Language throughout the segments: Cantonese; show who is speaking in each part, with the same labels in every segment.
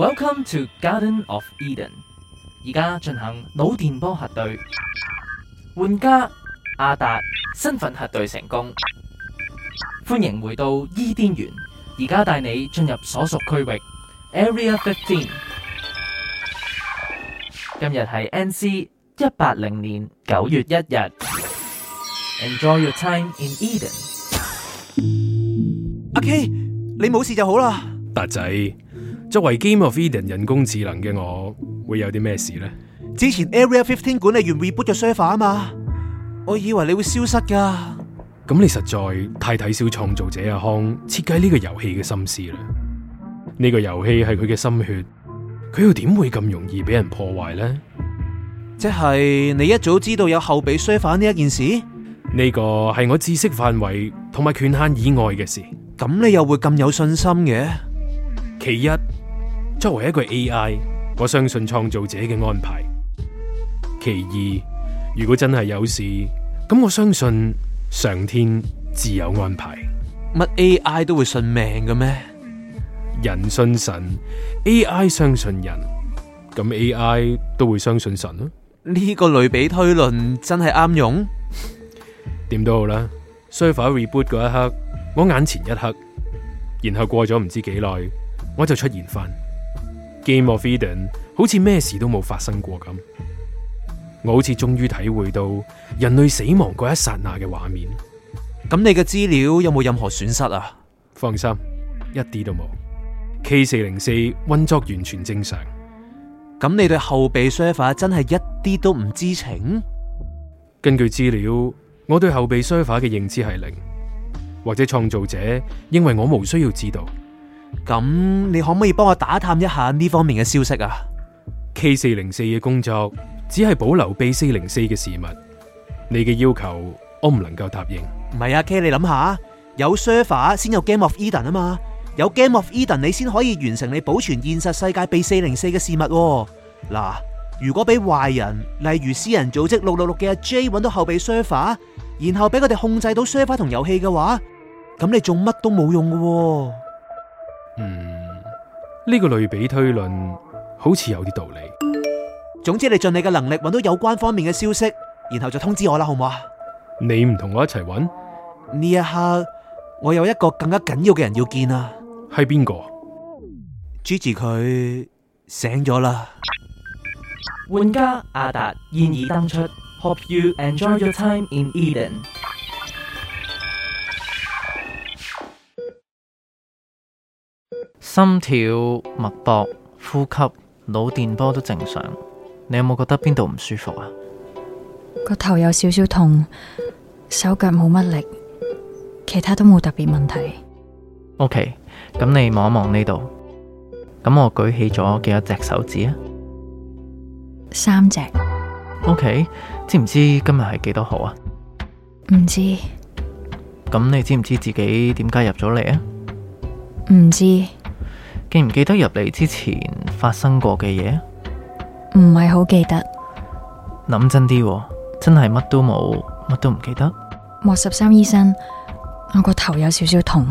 Speaker 1: Welcome to Garden of Eden。而家進行腦電波核對，玩家阿達身份核對成功。歡迎回到伊甸園，而家帶你進入所屬區域 Area 15。今日係 NC 180年9月1日。Enjoy your time in Eden。阿 K，你冇
Speaker 2: 事就好啦。達仔。作為 Game of Eden 人工智能嘅我，會有啲咩事呢？之前 Area 15管理員 reboot 咗 server 啊嘛，我以為你會消失噶。咁你實在太睇小創造者阿康設計呢個遊戲嘅心思啦。呢、這個遊戲係佢嘅心血，佢又點會咁容易俾人破壞呢？即係你一早知道有後備 server 呢一件事？呢個係我知識範圍同埋權限以外嘅事。咁你又會咁有信心嘅？其一。作為一個 AI，我相信創造者嘅安排。其二，如果真係有事，咁我相信上天自有安排。乜 AI 都會信命嘅咩？人信神，AI 相信人，咁 AI 都會相信神咯、啊？呢個類比推論真係啱用？點都好啦，所以 f r e b o o t 嗰一刻，我眼前一黑，然後過咗唔知幾耐，我就出現翻。Game of Eden 好似咩事都冇發生過咁，我好似終於體會到人類死亡嗰一剎那嘅畫面。咁你嘅資料有冇任何損失啊？放心，一啲都冇。K404 運作完全正常。咁你對後備 server 真係一啲都唔知情？根據資料，我對後備 server 嘅認知係零，或者創造者認為我冇需要知道。咁你可唔可以幫我打探一下呢方面嘅消息啊？K 四零四嘅工作只係保留 B 四零四嘅事物，你嘅要求我唔能夠答應。唔係啊，K，你諗下，有 server 先有 Game of Eden 啊嘛，有
Speaker 3: Game of Eden 你先可以完成你保存現實世界 B 四零四嘅事物，啊。嗱，如果俾壞人例如私人組織六六六嘅 J 搵到後備 server，然後俾佢哋控制到 server 同遊戲嘅話，咁你做乜都冇用嘅，啊。
Speaker 2: 嗯，呢個類比推論好似有啲道理。
Speaker 3: 總之，你盡你嘅能力揾到有關方面嘅消息，然後就通知我啦，好唔好啊？
Speaker 2: 你唔同我一齊揾？呢一刻我有一個更加緊要嘅人要見啊！係邊個？Gigi 佢醒咗啦。
Speaker 1: 玩家阿達現已登出，Hope you enjoy your time in Eden。心跳、脈搏、呼吸、腦電波都正常，你有冇覺得邊度唔舒服啊？
Speaker 4: 個頭有少少痛，手腳冇乜力，其他都冇特別問題。
Speaker 1: OK，咁你望一望呢度，咁我舉起咗幾多隻手指啊？
Speaker 4: 三隻。
Speaker 1: OK，知唔知今日係幾多號啊？唔知。咁你知唔知自己點解入咗嚟啊？
Speaker 4: 唔
Speaker 1: 知。記唔記得入嚟之前發生過嘅嘢？
Speaker 4: 唔係好記得。
Speaker 1: 諗真啲，真係乜都冇，乜都唔記得。莫
Speaker 4: 十三醫生，我個頭有少少痛。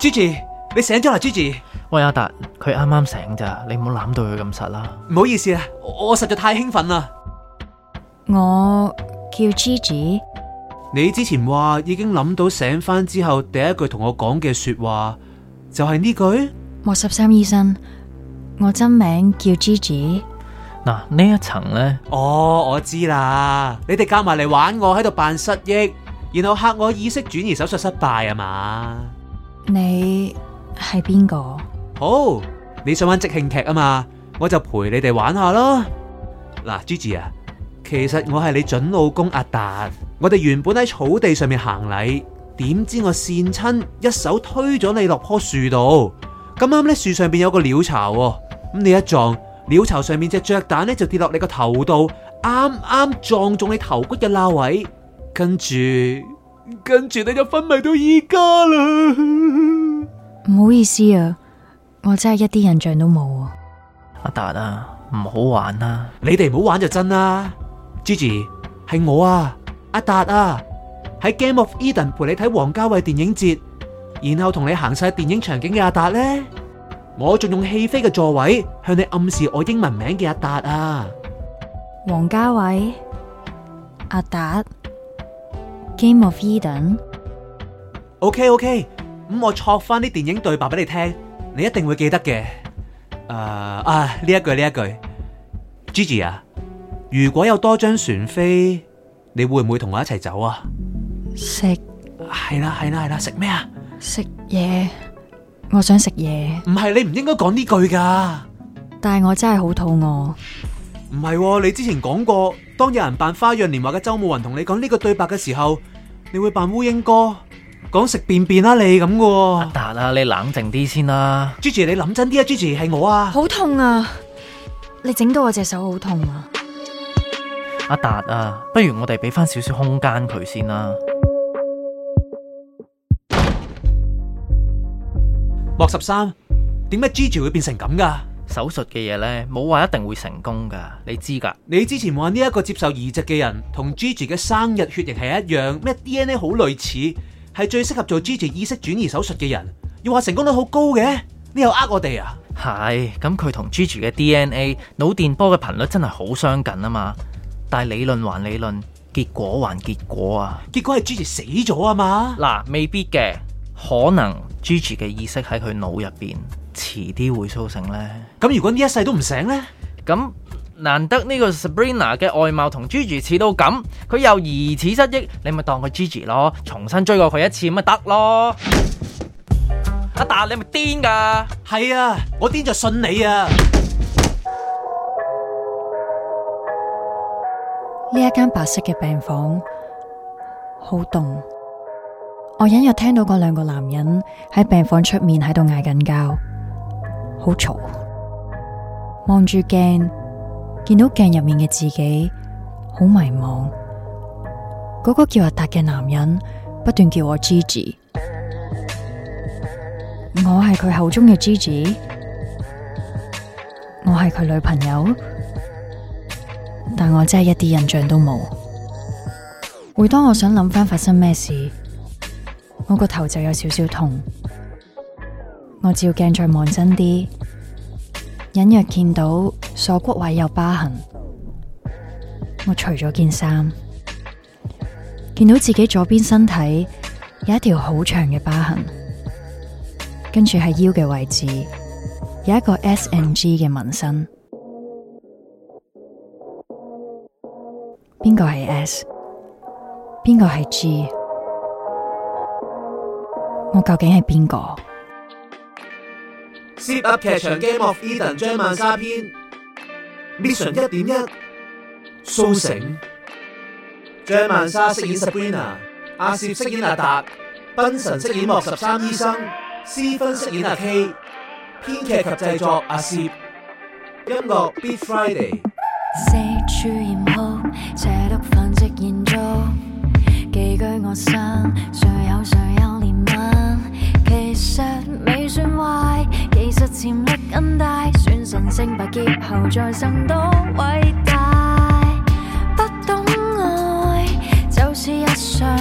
Speaker 1: Gigi，你醒咗啦，Gigi。喂，阿達，佢啱啱醒咋，你唔好攬到佢咁實啦。
Speaker 3: 唔好意思啊，我實在太興奮啦。我
Speaker 4: 叫 Gigi。
Speaker 3: 你之前話已經諗到醒返之後第一句同我講嘅說話就係呢句。
Speaker 4: 莫十三醫生，我真名
Speaker 1: 叫 Gigi？嗱，呢一層咧。
Speaker 3: 哦，我知啦，你哋夾埋嚟玩我，喺度扮失憶，然後嚇我意識轉移手術失敗吖嘛？
Speaker 4: 你係邊個？
Speaker 3: 好，你想玩即興劇啊嘛？我就陪你哋玩，玩下咯。嗱，Gigi 啊。其實我係你準老公阿達，我哋原本喺草地上面行禮，點知我跣親一手推咗你落棵樹度，咁啱咧樹上邊有個鳥巢，咁你一撞鳥巢上面隻雀蛋咧就跌落你個頭度，啱啱撞中你頭骨嘅罅位，跟住跟住你就昏迷到依家
Speaker 4: 啦。唔好意思啊，我真係一啲印象都冇
Speaker 3: 啊。阿達啊，唔好玩啦，啊，你哋唔好玩就真啦。Gigi，係我啊，阿達啊，喺 Game of Eden 陪你睇王家衛電影節，然後同你行晒電影場景嘅阿達咧，我仲用戲飛嘅座位向你暗示我英文名嘅阿達啊，
Speaker 4: 王家衛，阿達，Game of Eden，OK
Speaker 3: OK，咁 okay，我 chok 返啲電影對白俾你聽，你一定會記得嘅，誒、uh，啊呢一句，呢一句，Gigi 啊。如果有多張船飛，你會唔會同我一齊走啊？食？係啦，係啦，係啦，食咩啊？食
Speaker 4: 嘢，我想食嘢。唔
Speaker 3: 係，你唔應該講呢句噶。但係
Speaker 4: 我真係好肚餓。唔
Speaker 3: 係，你之前講過，當有人扮花樣年華嘅周慕雲同你講呢個對白嘅時候，你會扮烏蠅哥講食便便啦，你咁
Speaker 1: 噶？阿達啊，你冷靜啲先啦。Gigi，你諗真啲啊！Gigi 係我啊！
Speaker 4: 好痛啊！你整到我隻手好痛啊！
Speaker 1: 阿達啊，不如我哋俾翻少少空間佢先啦。莫十三，點解 Gigi 會變成咁噶？手術嘅嘢
Speaker 3: 呢，冇話一定會成功噶，你知噶。你之前話呢一個接受移植嘅人同 Gigi 嘅生日、血型係一樣，咩 DNA 好類似，係最適合做 Gigi 意識轉移手
Speaker 1: 術嘅人，要話成功率好高嘅，你又呃我哋啊？係咁，佢同 Gigi 嘅 DNA、腦電波嘅頻率真係好相近啊嘛。但理論還理論，結果還結果啊！結果係 Gigi 死咗啊嘛！嗱，未必嘅，可能 Gigi 嘅意識喺佢腦入邊，遲啲會甦醒咧。咁如果呢一世都唔醒咧，咁難得呢個 Sabrina 嘅外貌同 Gigi 似到咁，佢又疑似失憶，你咪當佢 Gigi 咯，重新追過佢一次咪得咯。阿達，你咪癲噶？係啊，我癲就信你啊！
Speaker 4: 呢一間白色嘅病房好凍，我隱約聽到嗰兩個男人喺病房出面喺度嗌緊交，好嘈。望住鏡，見到鏡入面嘅自己好迷茫。嗰個叫阿達嘅男人不斷叫我 Gigi，我係佢口中嘅 Gigi，我係佢女朋友。但我真係一啲印象都冇。每當我想諗翻發生咩事，我個頭就有少少痛。我照鏡再望真啲，隱約見到鎖骨位有疤痕。我除咗件衫，見到自己左邊身體有一條好長嘅疤痕，跟住喺腰嘅位置有一個 SNG 嘅紋身。邊個係 S？邊個係 G？我究竟係邊個
Speaker 3: ？Zip 噏劇場 Game of Eden 張蔓莎篇，Mission 一點一，蘇醒。張蔓莎飾演 Sabrina，阿涉飾演阿達，斌神飾演莫十三醫生，詩芬飾演阿 K，編劇及製作阿涉，
Speaker 4: 音樂 Beat Friday。四處嚴酷，邪毒繁殖延續，寄居我身，誰有誰有憐憫？其實未算壞，其實潛力更大，算神聖敗劫後再生都偉大。不懂愛就是一傷。